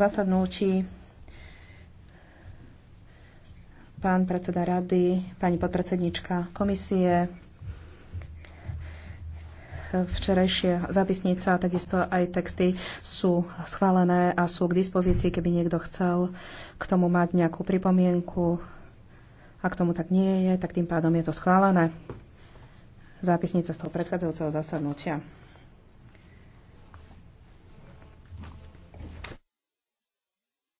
zasadnutí pán predseda rady, pani podpredsednička komisie, včerajšie zápisnica a takisto aj texty sú schválené a sú k dispozícii, keby niekto chcel k tomu mať nejakú pripomienku. Ak tomu tak nie je, tak tým pádom je to schválené. Zápisnica z toho predchádzajúceho zasadnutia.